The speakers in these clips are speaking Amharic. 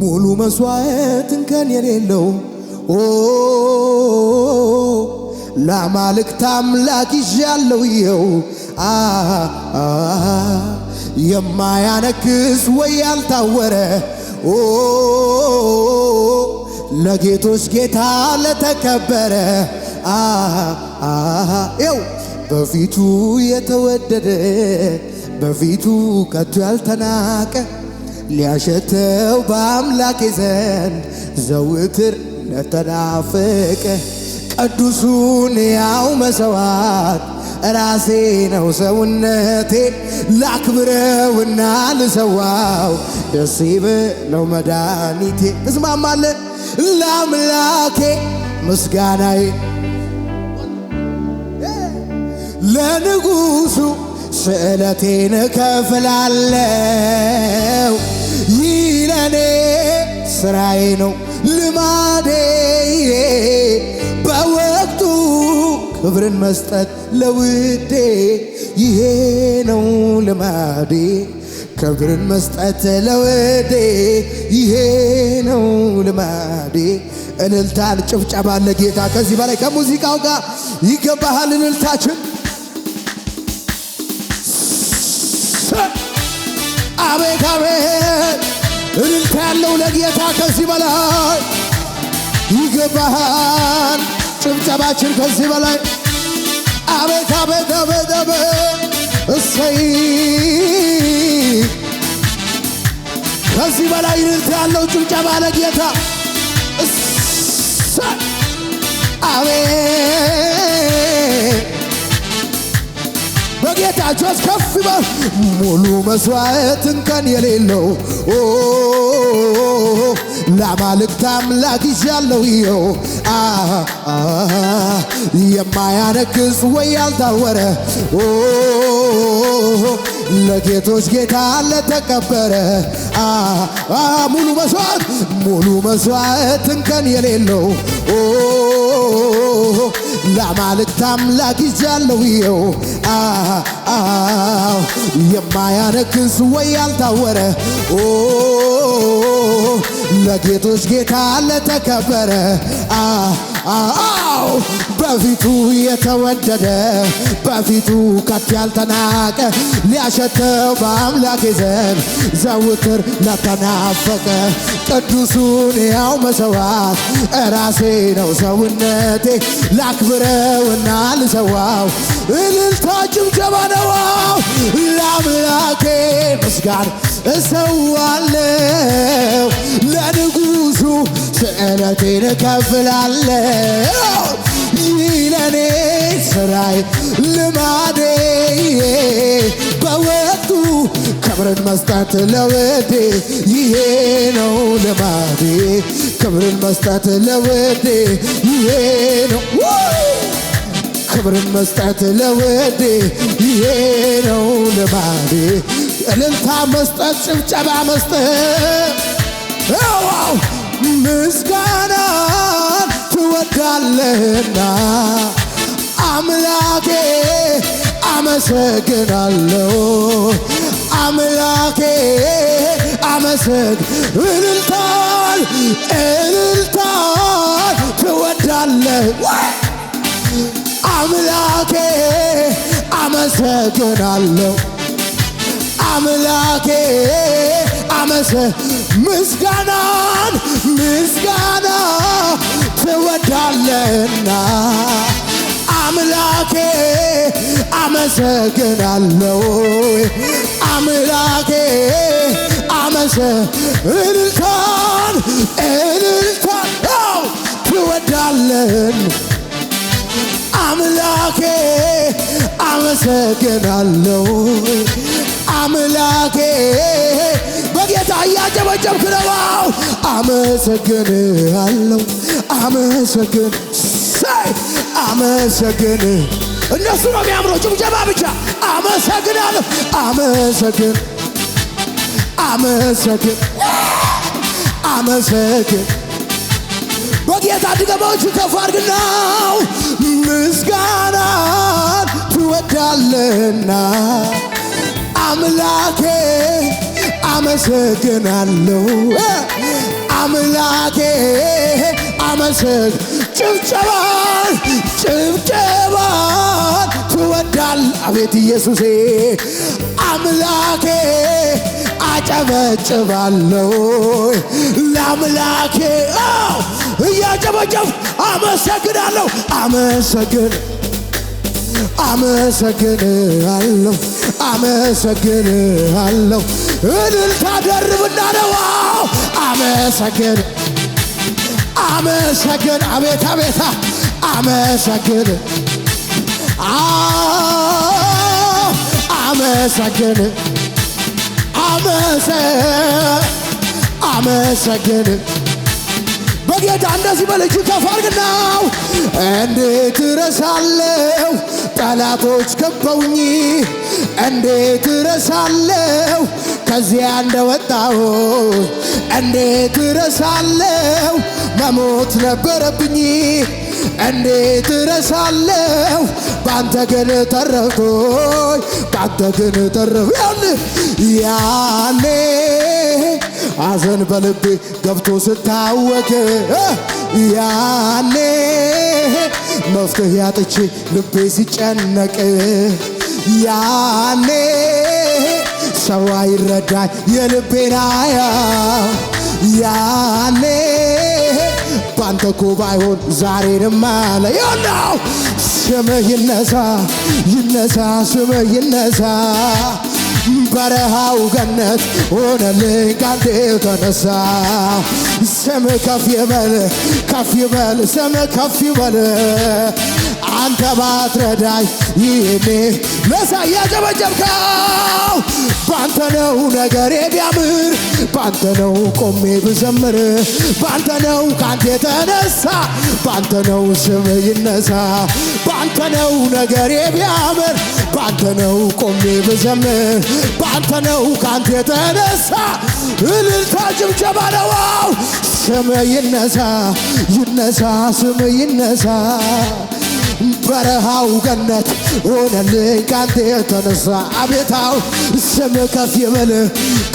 ሙሉ መስዋዕት እንከን የሌለው ኦ ለአማልክት አምላክ ይዣለው የው የማያነክስ ወይ ያልታወረ ኦ ለጌቶች ጌታ ለተከበረ ው በፊቱ የተወደደ በፊቱ ከቶ ያልተናቀ ሊያሸተው በአምላክ ዘንድ ዘውትር ነተናፈቀ ቅዱሱን ያው መሰዋት ራሴ ነው ሰውነቴ ላክብረውና ልሰዋው ደስ ይበለው መድኃኒቴ እስማማለ ለአምላኬ ምስጋናዬ ለንጉሱ ስዕለቴን ከፍላለው የኔ ስራዬ ነው ልማዴ በወቅቱ ክብርን መስጠት ለውዴ ይሄ ነው ልማዴ ክብርን መስጠት ለውዴ ይሄ ነው ልማዴ። እልልታን ጭብጨባ ለጌታ ከዚህ በላይ ከሙዚቃው ጋር ይገባሃል እልልታችን አቤት አቤት እልልታ ያለው ለጌታ ከዚህ በላይ ይገባሃል። ጭብጨባችን ከዚህ በላይ አቤት አቤት አቤት አቤት እሰይ ከዚህ በላይ እልልታ ያለው ጭብጨባ ለጌታ እሰይ አቤት በጌታ ጆስ ከፍ በል ሙሉ መስዋዕት እንከን የሌለው ለአማልክት አምላክ ይዣለው ይኸው የማያነክስ ወይ ያልታወረ ለጌቶች ጌታ ለተቀበረ ሙሉ መስዋዕት ሙሉ መስዋዕት እንከን የሌለው ለአማልክት አምላክ ይጃለው ይኸው የማያነክስ ወይ ያልታወረ ለጌቶች ጌታ ለተከበረ አዎ በፊቱ የተወደደ በፊቱ ከት ያልተናቀ ሊያሸተው በአምላክ ዘንድ ዘውትር ለተናፈቀ ቅዱሱን ያው መሰዋት እራሴ ነው ሰውነቴ ላክብረውና ልሰዋው እልልታ ጭብጨባ ነዋ ለአምላኬ ምስጋና እሰዋለው ለንጉሱ ስዕለቴን እከፍላለው ይለኔ ስራይ ልማዴ በወቅቱ ክብርን መስጠት ለወዴ ይሄ ነው ልማዴ ክብርን መስጠት ለወዴ ይሄ ነው ክብርን መስጠት ለወዴ ይሄ ነው ልማዴ እልልታ መስጠት ጭብጨባ መስጠት ምስጋና አለህና አምላኬ አመሰግናለሁ አምላኬ አመሰግ እልልታል እልልታል ትወዳለህ አምላኬ አመሰግናለሁ አምላኬ አመሰ ምስጋናን ምስጋና ወዳለና አምላኬ አመሰግናለው አምላኬ አመሰ እልልታን እልልታን ትወዳለን አምላኬ አመሰግናለው አምላኬ እያጨበጨብክ ነው። አመሰግንሃለሁ፣ አመሰግን አመሰግን እነሱ ነው የሚያምረው፣ ጭብጨባ ብቻ። አመሰግናለሁ፣ አመሰግን አመሰግን አመሰግን በጌታ ድገማዎቹ ከፍ አድርግናው ምስጋናን ትወዳለና አምላኬ አመሰግናለሁ አምላኬ አመሰግ ጭብጨባን ጭብጨባን ትወዳል አቤት ኢየሱሴ አምላኬ አጨበጭባለሁ ለአምላኬ እያጨበጨብ አመሰግናለሁ አመሰግን አመሰግን አለሁ አመሰግን አለሁ እልልታ ደርብና ነው አመሰግን አመሰግን አቤት አቤታ አመሰግን አመሰግን አመሰግን በጌታ እንደዚህ በልጁ ከፍ አድርግናው እንዴት ረሳለው ጠላቶች ከበውኝ እንዴት ረሳለው ከዚያ እንደወጣሁ እንዴት ረሳለው መሞት ነበረብኝ እንዴት ረሳለው ባንተ ግን ተረፍኩኝ ባንተ ግን ተረፍ ያለ ያኔ አዘን በልቤ ገብቶ ስታወቅ ያኔ መፍትሄ አጥቼ ልቤ ሲጨነቅ ያኔ ሰው አይረዳኝ የልቤና ያ ያኔ ባንተ እኮ ባይሆን ዛሬንም አለ ያለው ስምህ ይነሳ ይነሳ ስምህ ይነሳ በረሃው ገነት ሆነልኝ ካንተ ተነሳ ስም ከፍ ይበል ከፍ ይበል ስም ከፍ ይበል አንተ ባትረዳኝ ይህኔ መሳ እያጨበጨብከው ባንተ ነው ነገሬ ቢያምር ባንተ ነው ቆሜ ብዘምር ባንተ ነው ካንተ የተነሳ ባንተ ነው ስም ይነሳ ባንተ ነው ነገሬ ቢያምር ባንተ ነው ቆሜ ብዘምር በአንተ ነው ከአንተ የተነሳ እልልታ ጭብጨባ ነው ስም ይነሳ ይነሳ ስም ይነሳ በረሃው ገነት ሆነልኝ ካንተ የተነሳ አቤታው ስም ከፍ ይበል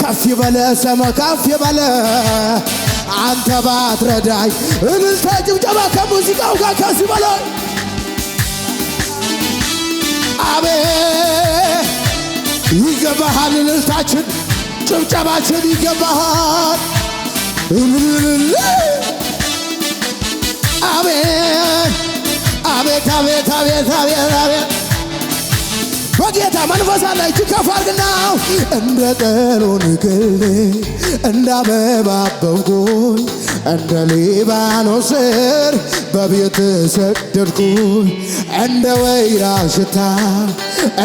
ከፍ ይበል ስም ከፍ ይበል አንተ ባትረዳኝ እልልታ ጭብጨባ ከሙዚቃው ጋር ከዚህ በላይ አቤት ይገባሃል። እልልታችን ጭብጨባችን ይገባሃል። አቤት አቤት አቤት አቤት አቤት አቤት በጌታ መንፈስ አለ። እጅ ከፍ አድርግና እንደ ቀሎን ክሌ እንዳበባ አበብኩኝ እንደ ሊባኖስ በቤት ሰደድኩ እንደ ወይራ ሽታ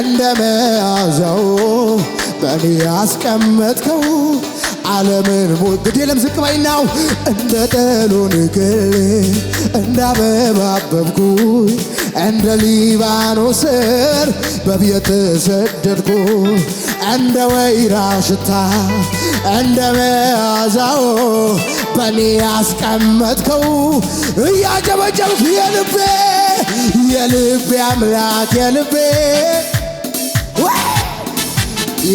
እንደ መዓዛው በእኔ ያስቀመጥከው ዓለምን ሞት የለም ዝቅ ባይናው እንደ ጠሉ ንግል እንዳበባበብኩኝ እንደ ሊባኖስ ስር በብዬ ተሰደድኩ እንደ ወይራ ሽታ እንደ መዓዛው በኔ ያስቀመጥከው እያጨበጨብኩ የልቤ የልቤ አምላክ የልቤ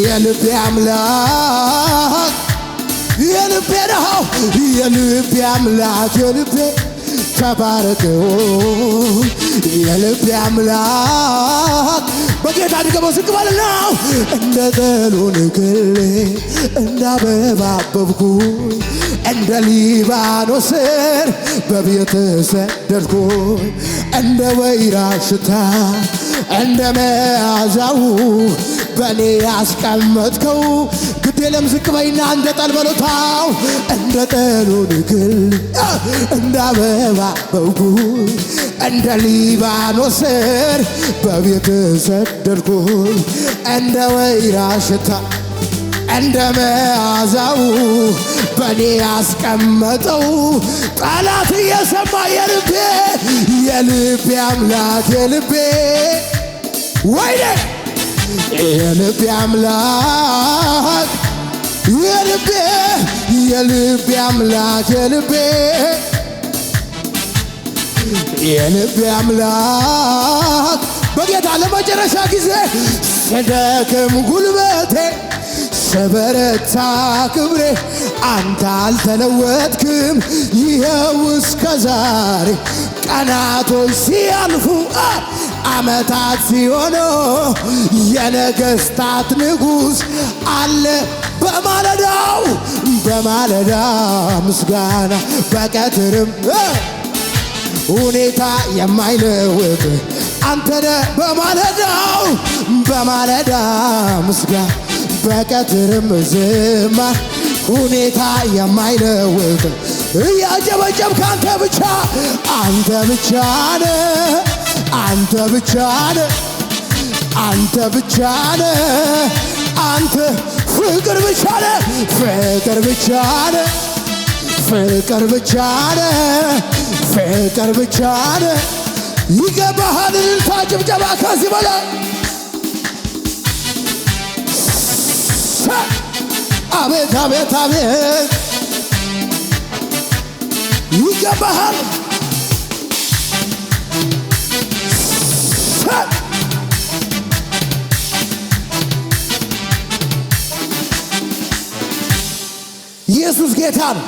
የልቤ አምላክ የልቤ ነው የልቤ አምላክ የልቤ ተባረከው የልቤ አምላክ በጌታ አድገበው ስቅ ባልናው እንደ ጥሉን ግሌ እንደ አበባ አበብኩ እንደ ሊባኖስ በቤት ሰደድኩ እንደ ወይራ ሽታ እንደ መያዛው በኔ ያስቀመጥከው ግዴለም ዝቅ በይና እንደ ጠል እንደ ጠሉ ንግል እንደ አበባ በውኩኝ እንደ ሊባኖስ ስር በቤት ሰደድኩኝ እንደ ወይራ ሽታ እንደ መዓዛው በኔ ያስቀመጠው ጠላት እየሰማ የርቤ የልቤ አምላክ የልቤ ወይኔ የልቤ አምላክ የልቤ የልቤ አምላክ የልቤ የልቤ አምላክ በጌታ ለመጨረሻ ጊዜ ስደክም ጉልበቴ ስበረታ ክብሬ አንተ አልተለወጥክም፣ ይኸው እስከ ዛሬ ቀናቶች ሲያልፉ ዓመታት ሲሆኑ የነገሥታት ንጉሥ አለ በማለዳው በማለዳ ምስጋና በቀትርም ሁኔታ የማይለውጥ አንተነ በማለዳው በማለዳ ምስጋና በቀትርም ዝማ ሁኔታ የማይለውጥ እያጀበጀብ አንተ ብቻ አንተ ብቻ ነ አንተ ብቻ ነ አንተ ብቻ ነ አንተ ፍቅር ብቻ ነ ፍቅር ብቻ ነ ፍቅር ብቻ ነ ፍቅር ብቻ ነ ይገባሃል። እልልታ ጭብጨባ ከዚህ በላይ አቤት አቤት አቤት ይገባሃል ኢየሱስ ጌታ ነው።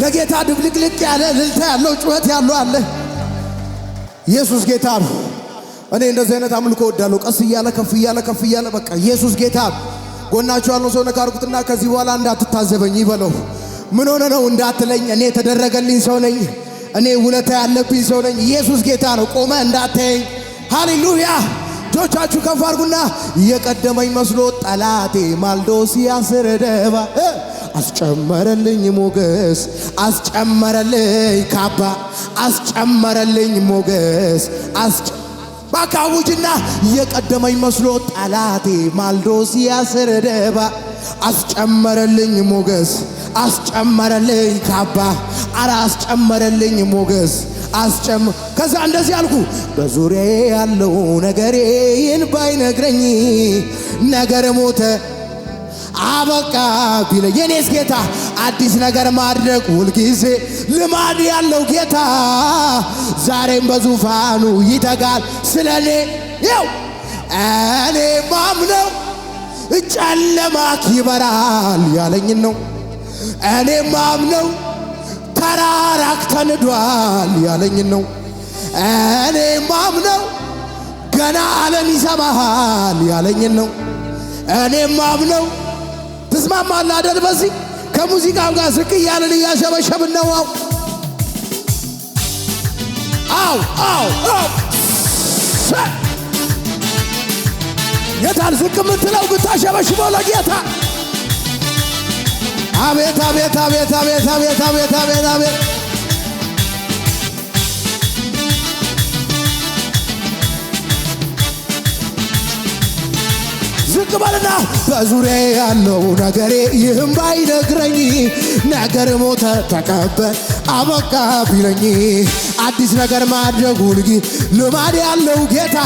ለጌታ ድብልቅልቅ ያለ ልልታ ያለው ጩኸት ያለው አለ። ኢየሱስ ጌታ ነው። እኔ እንደዚህ አይነት አምልኮ እወዳለሁ። ቀስ እያለ ከፍ እያለ ከፍ እያለ በቃ ኢየሱስ ጌታ ነው። ጎናችሁ ያለው ሰው ነካርኩትና ከዚህ በኋላ እንዳትታዘበኝ ይበለው። ምን ሆነ ነው እንዳትለኝ። እኔ የተደረገልኝ ሰው ነኝ። እኔ ውለታ ያለብኝ ሰው ነኝ። ኢየሱስ ጌታ ነው። ቆመ እንዳታየኝ። ሃሌሉያ። እጆቻችሁ ከፍ አርጉና የቀደመኝ መስሎ ጠላቴ ማልዶ ሲያስረደባ አስጨመረልኝ ሞገስ አስጨመረልኝ ካባ አስጨመረልኝ ሞገስ ካውጅና እየቀደመኝ መስሎ ጠላቴ ማልዶ ሲያስርደባ አስጨመረልኝ ሞገስ አስጨመረልኝ ካባ አረ አስጨመረልኝ ሞገስ አስጨም ከዛ እንደዚህ አልኩ በዙሪያ ያለው ነገሬን ባይነግረኝ ነገር ሞተ አበቃ ቢለ የኔስ ጌታ አዲስ ነገር ማድረግ ሁልጊዜ ልማድ ያለው ጌታ ዛሬም በዙፋኑ ይተጋል ስለ እኔ ው እኔ ማምነው ጨለማክ ይበራል ያለኝን ነው። እኔ ማምነው ተራራክ ተንዷል ያለኝን ነው። እኔ ማምነው ገና ዓለም ይሰማሃል ያለኝን ነው። እኔ ማምነው እንስማማለን አይደል? በዚህ ከሙዚቃም ጋር ዝቅ እያልን እያሸበሸብን ነው። አው አው አው ጌታን ዝቅ የምትለው ግን ታሸበሽቦ ለጌታ አቤት አቤት አቤት አቤት አቤት አቤት አቤት ዝቅ በልና በዙሪያ ያለው ነገሬ ይህም ባይነግረኝ ነገር ሞተ ተቀበል አበቃ ቢለኝ አዲስ ነገር ማድረጉ ልጊ ልማድ ያለው ጌታ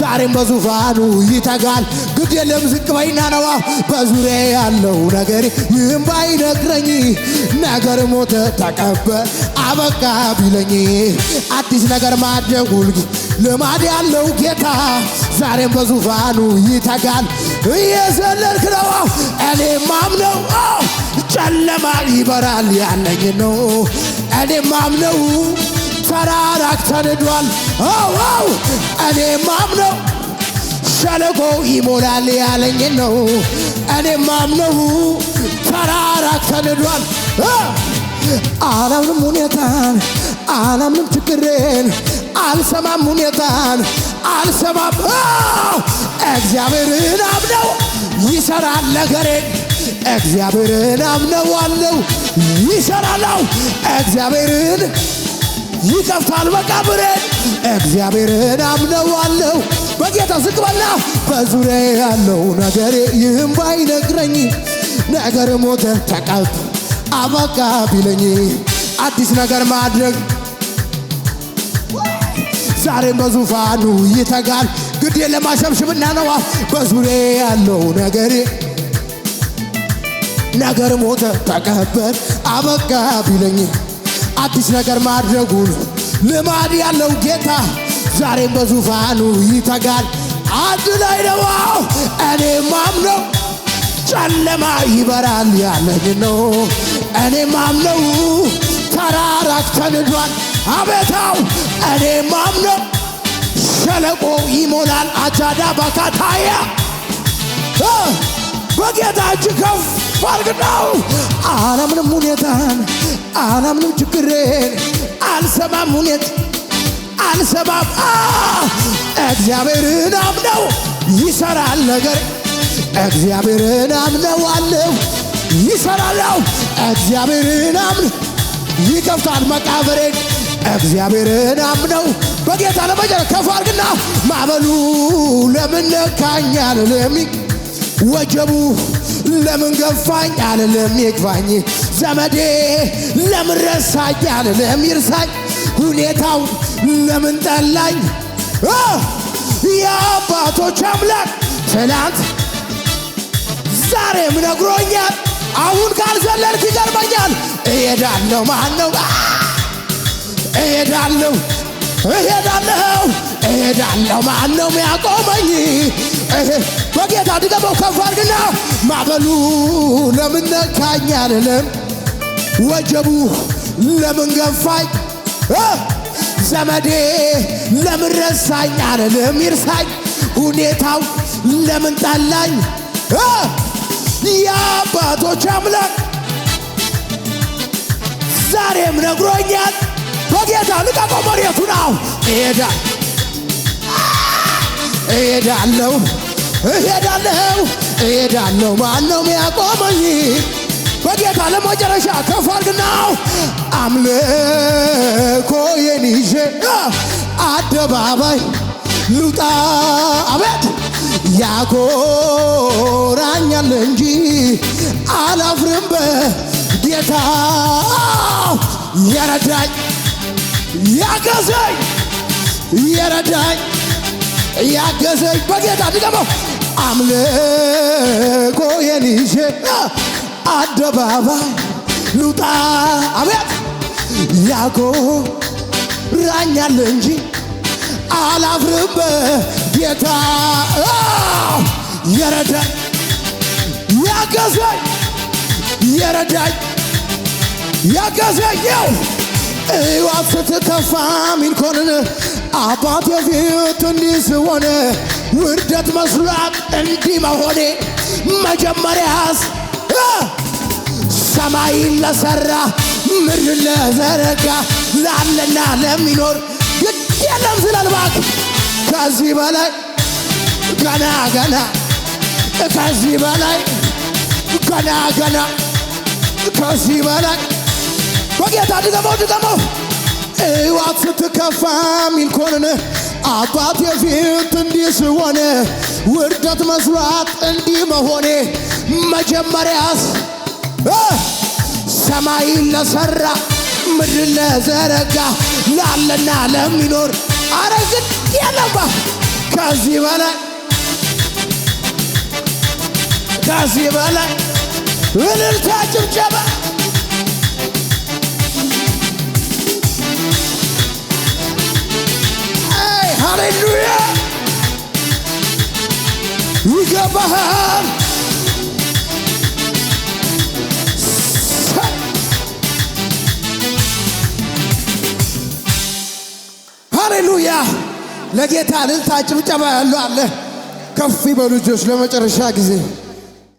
ዛሬም በዙፋኑ ይተጋል። ግድ የለም ዝቅ በይና ነዋ በዙሪያ ያለው ነገሬ ይህም ባይነግረኝ ነገር ሞተ ተቀበል አበቃ ቢለኝ አዲስ ነገር ማድረጉ ልጊ ልማድ ያለው ጌታ ዛሬም በዙፋኑ ይተጋል። እየዘለልክ ነው እኔ ማምነው ጨለማ ይበራል ያለኝ ነው እኔ ማምነው ተራራክ ተንዷል ው እኔ ማምነው ሸለቆ ይሞላል ያለኝ ነው እኔ ማምነው ተራራክ ተንዷል። አላምንም ሁኔታን አላምንም ችግሬን አልሰማም ሁኔታን አልሰማም። እግዚአብሔርን አምነው ይሰራል ነገሬን። እግዚአብሔርን አምነዋለው ይሰራላው። እግዚአብሔርን ይከፍታል መቃብሬን። እግዚአብሔርን አምነዋለው በጌታ ዝቅ በዙሪያ ያለው ነገሬ ይህም ባይነግረኝ ነገር ሞተ ተቀብ አበቃ ቢለኝ አዲስ ነገር ማድረግ ዛሬም በዙፋኑ ይተጋል። ግዴ ለማሸብሽብና ነዋ በዙሬ ያለው ነገር ነገር ሞተ ተቀበር አበቃ ቢለኝ አዲስ ነገር ማድረጉን ልማድ ያለው ጌታ ዛሬም በዙፋኑ ይተጋል። አንድ ላይ ነዋ እኔ ማምነው ጨለማ ይበራል ያለኝ ነው እኔ ማምነው ተራራቅ ተንዷል አቤታው እኔ ማምነ ሸለቆ ይሞላል። አጃዳ ባካታያ በጌታ እጅ ከፍ አርግናው አላምንም ሁኔታን አላምንም ችግሬን አልሰማም ሁኔት አልሰማም እግዚአብሔርን አምነው ይሰራል ነገር እግዚአብሔርን አምነው አለው ይሰራለው እግዚአብሔርን አምነው ይከፍታል መቃብሬን እግዚአብሔርን አምነው በጌታ ለመጨረ ከፍ አርግና ማዕበሉ ለምን ነካኝ አልልም፣ ወጀቡ ለምን ገፋኝ አልልም፣ ይግፋኝ ዘመዴ ለምን ረሳኝ አልልም፣ ይርሳኝ ሁኔታው ለምን ጠላኝ። የአባቶች አምላክ ትላንት ዛሬም ነግሮኛል። አሁን ካልዘለልክ ይገርመኛል። እየዳለው ማን ነው እሄዳለሁ እሄዳለሁ እሄዳለሁ ማን ነው የሚያቆመኝ? በጌታ ድገመው ከፍ አድርግና ማዕበሉ ለምን ነካኝ አልልም፣ ወጀቡ ለምን ገፋኝ፣ ዘመዴ ለምን ረሳኝ አልልም። ይርሳኝ ሁኔታው ለምን ጠላኝ የአባቶች አምላክ ዛሬም ነግሮኛል በጌታ ልቀቆ መሬቱን አሁ ሄዳ እሄዳለሁ እሄዳለሁ እሄዳለሁ ማነው ሚያቆመኝ? በጌታ ለመጨረሻ ከፍ አድርግናው አምልኮ የኒዤ አደባባይ ልውጣ አቤት ያኮራኛል እንጂ አላፍርም በጌታ የረዳኝ ያገዘኝ የረዳኝ ያገዘኝ በጌታ ድገመው አምልኮ የኒሼ አደባባይ ልውጣ አቤት ያኮራኛል እንጂ አላፍርም ጌታ የረዳኝ ያገዘኝ የረዳኝ ያገዘኝ ሕይወት ስትተፋ ሚንኮንን አባት የፊት እንዲህ ስሆን ውርደት መስሏት እንዲ መሆኔ መጀመሪያስ ሰማይን ለሰራ ምድርን ለዘረጋ ላለና ለሚኖር ግድ የለም ስላል ከዚህ በላይ ገና ገና ከዚህ በላይ ገና ገና ከዚህ በላይ ወጌታ ድገመው ድገመው እዋት ስትከፋ ሚልኮንን አባት የፊት እንዲህ ውርደት መስሏት እንዲህ መሆኔ መጀመሪያስ ሰማይን ለሠራ ምድርን ለዘረጋ ላለና ለሚኖር አረ ግድ የለባ ከዚህ በላይ ከዚህ በላይ እልልታ ጭብጨባ ሃሌሉያ ይገባሃል። ሃሌሉያ ለጌታ ልልታ ጭብጨባ ያለው አለ። ከፍ ይበሉ እጆች ለመጨረሻ ጊዜ